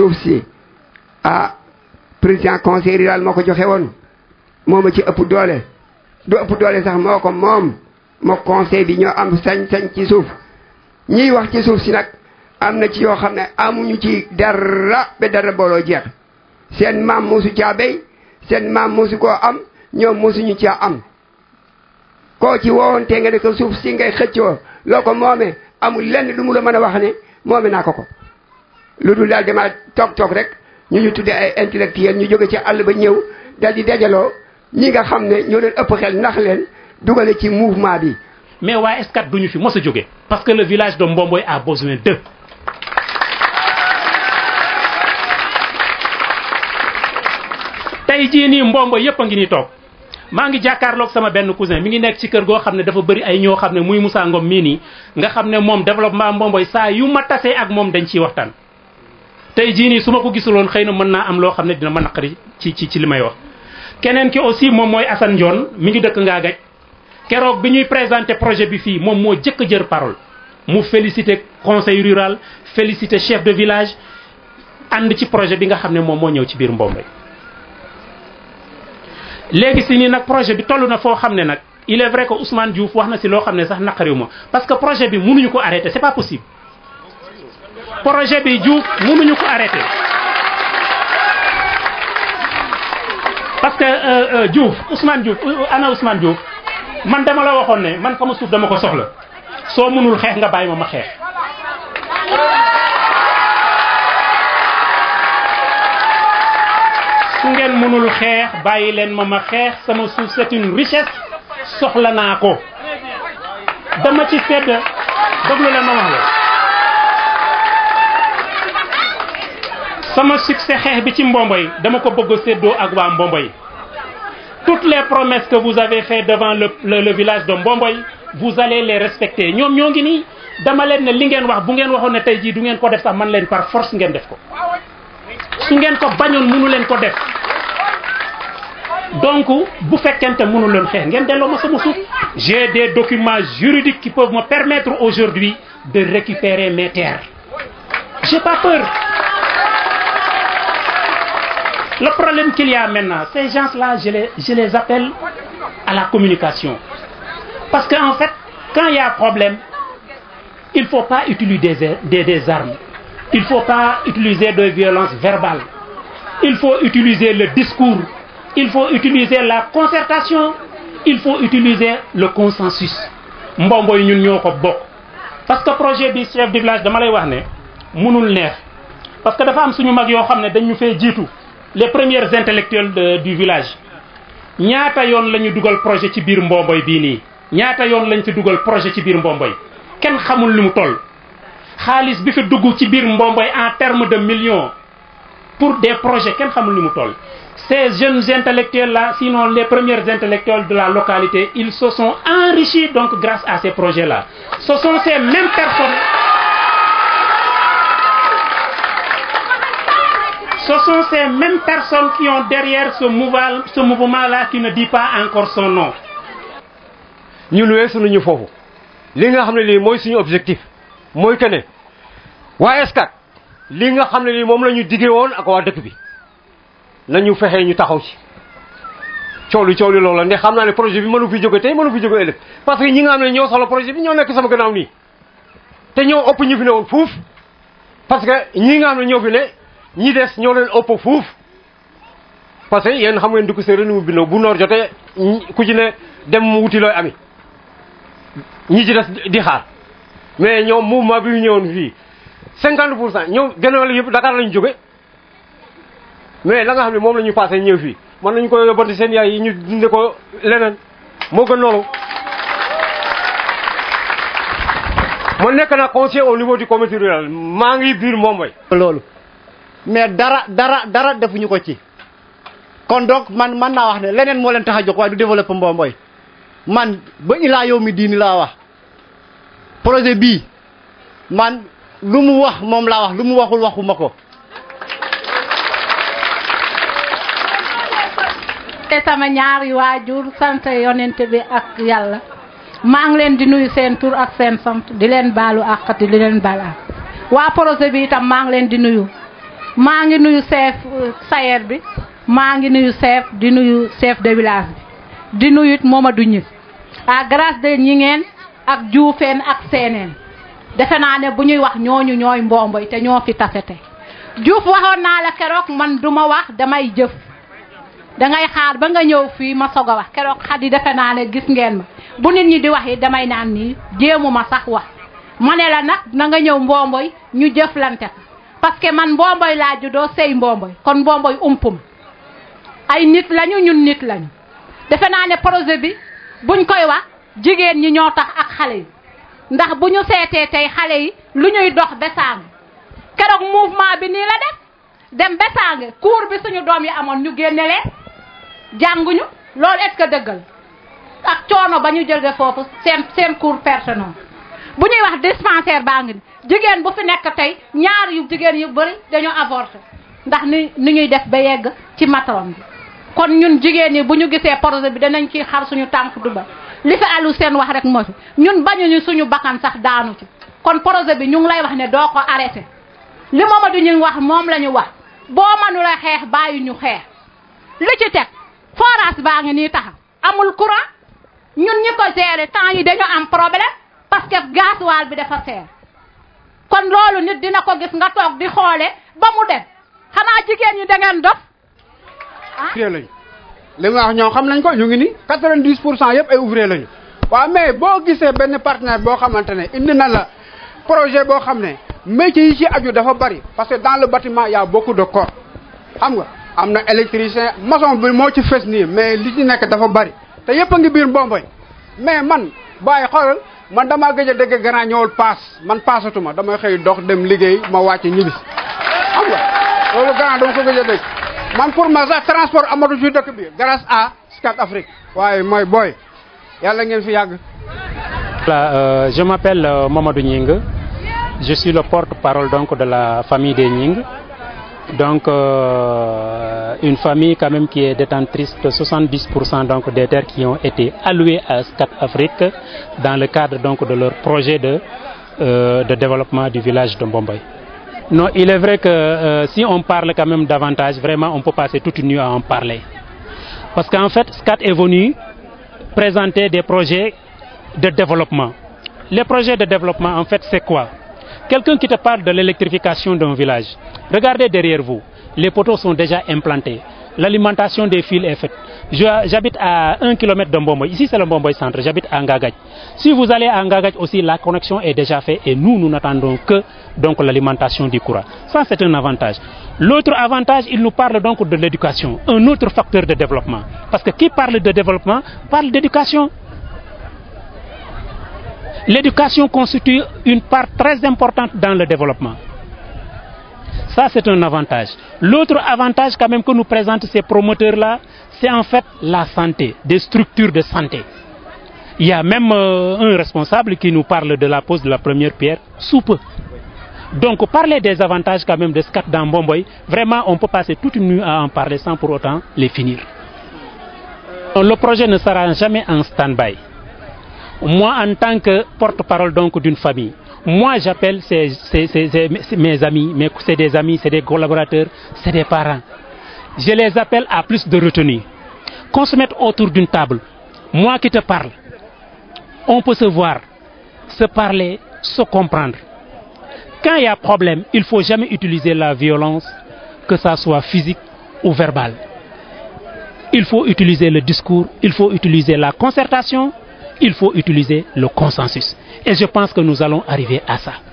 suuf si ah président conseil moo ko joxe woon moo ma ci ëpp doole du ëpp doole sax moo ko moom moo conseil bi ñoo am sañ-sañ ci suuf ñiy wax ci suuf si nag am na ci yoo xam ne amuñu ci dara ba dara booloo jeex seen maam mosu caa béy seen maam su ko am ñoom mosuñu caa am koo ci woowante nga ne ko suuf si ngay xëccoo loo ko moome amul lenn lu mu la mën a wax ne moome naa ko ko lu dul daal dama toog toog rek ñu ñu tuddee ay intellectuel ñu jóge ci àll ba ñëw daal di dajaloo ñi nga xam ne ñoo leen ëpp xel ndax leen dugale ci mouvement bi. mais waa Escad duñu fi mos a jóge parce que le village de Mbomboy a besoin d'eux. tey jii nii Mbomboy yëpp a ngi ni toog maa ngi jàkkaarloog sama benn cousin mi ngi nekk ci kër goo xam ne dafa bëri ay ñoo xam ne muy Moussa Ngom mii nii nga xam ne moom développement Mbomboy saa yu ma tasee ak moom dañ ciy waxtaan. tey jii su ma ko gisuloon xëy na mën naa am loo xam ne dina ma naqari ci ci ci li may wax. keneen ki aussi moom mooy Assane Ndione mi ngi dëkk ngaa gaj keroog bi ñuy présenté projet bi fii moom moo jëkk a jër parole mu félicité conseil rural félicité chef de village ànd ci projet bi nga xam ne moom moo ñëw ci biir Mbombay léegi si nii nag projet bi toll na foo xam ne nag il est vrai que Ousmane wax na si loo xam ne sax naqariwu ma que projet bi mënuñu ko arrêté c'est pas projet bi Diouf mënuñu ko arrêté parce que euh, euh, Diouf Ousmane Diouf euh, ana Ousmane Diouf man dama la waxoon ne man sama suuf dama ko soxla soo mënul xeex nga bàyyi ma ma xeex su ngeen mënul xeex bàyyi leen ma ma xeex sama suuf c'est une richesse soxla naa ko dama ci sedd déglu leen ma wax la sama succès xeex bi ci Mbomboy dama ko bëgg a séddoo ak waa Mbomboy toutes les promesses que vous avez fait devant le le, le village de Mbomboy vous allez les respecter ñoom ñoo ngi nii dama leen ne li ngeen wax bu ngeen waxoon ne tey jii du ngeen ko def sax man leen par force ngeen def ko su ngeen ko bañoon mënu leen ko def donc bu fekkente mënu leen xeex ngeen delloo ma sama suuf j'ai des documents juridiques qui peuvent permettre aujourd'hui de récupérer mes terres j'ai Le problème qu'il y a maintenant, ces gens-là, je les, je appelle à la communication. Parce qu'en fait, quand il y a un problème, il ne faut pas utiliser des, des, armes. Il faut pas utiliser de violence verbale. Il faut utiliser le discours. Il faut utiliser la concertation. Il faut utiliser le consensus. mbongo yi ñun ñoo ko bokk parce que projet bi chef de village dama lay wax ne mënul neex parce que dafa am suñu mag yoo xam ne dañu fee jiitu les premiers intellectuels de, du village ñaata yoon la ñu dugal projet ci biir Mbomboy bii nii ñaata yoon lañ fi dugal projet ci biir Mbomboy kenn xamul li mu tol xaalis bi fi dugg ci biir Mbomboy en terme de millions pour des projets kenn xamul ni mu toll ces jeunes intellectuels là sinon les premiers intellectuels de la localité ils se sont enrichis donc grâce à ces projets la ce sont ces mêmes personnes ce sont ces mêmes personnes qui ont derrière ce mouvement ce mouvement là qui ne dit pas encore son nom. ñun weesu nañu foofu li nga xam ne li mooy suñu objectif mooy que ne waa Scat li nga xam ne lii moom la ñu diggee woon ak waa dëkk bi nañu fexe ñu taxaw ci. coow li coow li loolu la xam naa ne projet bi mënu fi jóge tey mënu fi jóge ëllëg parce que ñi nga xam ne ñoo soxla projet bi ñoo nekk sama gannaaw nii te ñoo ëpp ñu fi ne woon fuuf parce que ñi nga xam ne ñoo fi ne. ñi des ñoo leen ëpp fuuf parce que yéen xam ngeen di ko séeréer ni mu bindoo bu noor jotee ku ci dem mu wuti looy ami ñi ci des di xaar mais ñoom maa bi ñu ñëwoon fii cinquante pour cent ñoom genn wàll yëpp Dakar lañu jóge mais la xam ne moom la ñu passé ñëw fii mën nañu ko yóbbante seen yaay yi ñu dinde ko leneen moo gën loolu ma nekk na conseiller au niveau du comité rural maa ngi biir moom mooy loolu mais dara dara dara defuñu ko ci kon donc man man naa wax ne leneen moo leen tax a jóg waaye du développé Mbomboy man ba ilaa yow mi diini laa wax projet bii man lu mu wax moom laa wax lu mu waxul waxuma ko te sama ñaari waajur sant yonent bi ak yàlla maa ngi leen di nuyu seen tur ak seen sant di leen baalu àq di leen baal àq waa projet bi itam maa leen di nuyu maa ngi nuyu chef euh, sayer bi maa ngi nuyu chef di nuyu seef de village bi di nuyu it Momadou ñi à grâce de ñi ngeen ak juufeen ak seeneen defe naa ne bu ñuy wax ñooñu ñooy mbomboy te ñoo fi tasete juuf waxoon naa la keroog man du ma wax damay jëf dangay xaar ba nga ñëw fii ma sog a wax keroog xat yi defe naa ne gis ngeen ma bu nit ñi di wax yi damay naan nii jéemu ma sax wax ma ne la nag na nga ñëw mbomboy ñu jëflante fa parce que man mboomboy laa juddoo sey mboomboy kon mboomboy umpum ay nit lañu ñun nit lañu defe naa ne projet bi buñ koy wax jigéen ñi ñoo tax ak xale yi ndax bu ñu seetee tey xale yi lu ñuy dox besaange keroog mouvement bi nii la def dem besaange cours bi suñu doom yi amoon ñu génne leen jànguñu loolu est-ce dëggal ak coono ba ñu jël foofu seen seen cours personnel bu ñuy wax dispensaire baa ngi jigéen bu fi nekk tey ñaar yu jigéen yu bëri dañoo avorté ndax ni ni ñuy def ba yegg ci matron bi kon ñun jigéen ñi bu ñu gisee projet bi danañ ciy xar suñu tànk duba li fi alu seen wax rek moo fi ñun bañuñu suñu bakkan sax daanu ci kon projet bi ñu ngi lay wax ne doo ko arrêté li mooma du ñu wax moom la ñu wax boo mënula xeex bàyyi ñu xeex li ci teg forage baa ngi nii taxam amul courant ñun ñi ko gérer temps yi dañu am problème parce que gasoil bi dafa seer kon loolu nit dina ko gis nga toog di xoole ba mu dem xanaa jigéen ñi da ngeen dof ah? ouvrier li nga wax ñoom xam nañ ko ñu ngi ni quatre-vingt-dix pour cent yëpp ay ouvrier lañu waa mais boo gisee benn partenaire boo xamante ne indi na la projet boo xam ne métier yi ci aju dafa bari parce que dans le bâtiment y a beaucoup de corps xam nga am na électricien maçon bi moo ci fes nii mais li ci nekk dafa bari te yëpp a biir Bomboy mais man bàyyi xoolal man damaa gëj a dégg grand ñëwal paas man paasatuma damay xëy dox dem liggéey ma wàcc ñibbi xam loolu grand dama ko gëj a dégg man pour ma sax transport amatu ci dëkk bi grâce à Scat Afrique waaye mooy booy yàlla ngeen fi yàgg voilà euh, je m'appelle euh, Mamadou Nying je suis le porte-parole donc de la famille des Nying donc euh, une famille quand même qui est détentrice de 70% donc des terres qui ont été allouées à SCAT cadre donc de leur projet de, euh, de développement du village de Bombay. Non, il est vrai que euh, si on parle quand même davantage, vraiment on peut passer toute une nuit à en parler. Parce qu'en fait, SCAT de développement. Les projets de développement, en fait, c'est quoi Quelqu'un qui te parle de l'électrification d'un village, regardez derrière vous, les poteaux sont déjà implantés, l'alimentation des fils est faite. J'habite à 1 km d'Mbomboy, ici c'est le Mbomboy centre, j'habite à Ngagaj. Si vous allez à Ngagaj aussi, la connexion est déjà faite et nous, nous n'attendons que donc l'alimentation du courant. Ça, c'est un avantage. L'autre avantage, il nous parle donc de l'éducation, un autre facteur de développement. l'éducation constitue une part très importante dans le développement. Ça, c'est un avantage. L'autre avantage quand même que nous présentent ces promoteurs-là, c'est en fait la santé, des structures de santé. Il y a même euh, un responsable qui nous parle de la pose de la première pierre sous peu. Donc parler des avantages quand même de SCAT dans Bomboy, vraiment on peut passer toute une nuit à en parler sans pour autant les finir. Euh, le projet ne sera jamais en stand-by. Moi, en tant que porte-parole donc d'une famille, moi j'appelle ces, ces, ces, mes amis, mais c'est des amis, c'est des collaborateurs, c'est des parents. Je les appelle à plus de retenue. Qu'on se mette autour d'une table. Moi qui te parle, on peut se voir, se parler, se comprendre. Quand il y a problème, il faut jamais utiliser la violence, que ça soit physique ou verbale. Il faut utiliser le discours, il faut utiliser la concertation, il faut utiliser le consensus. Et je pense que nous allons arriver à ça.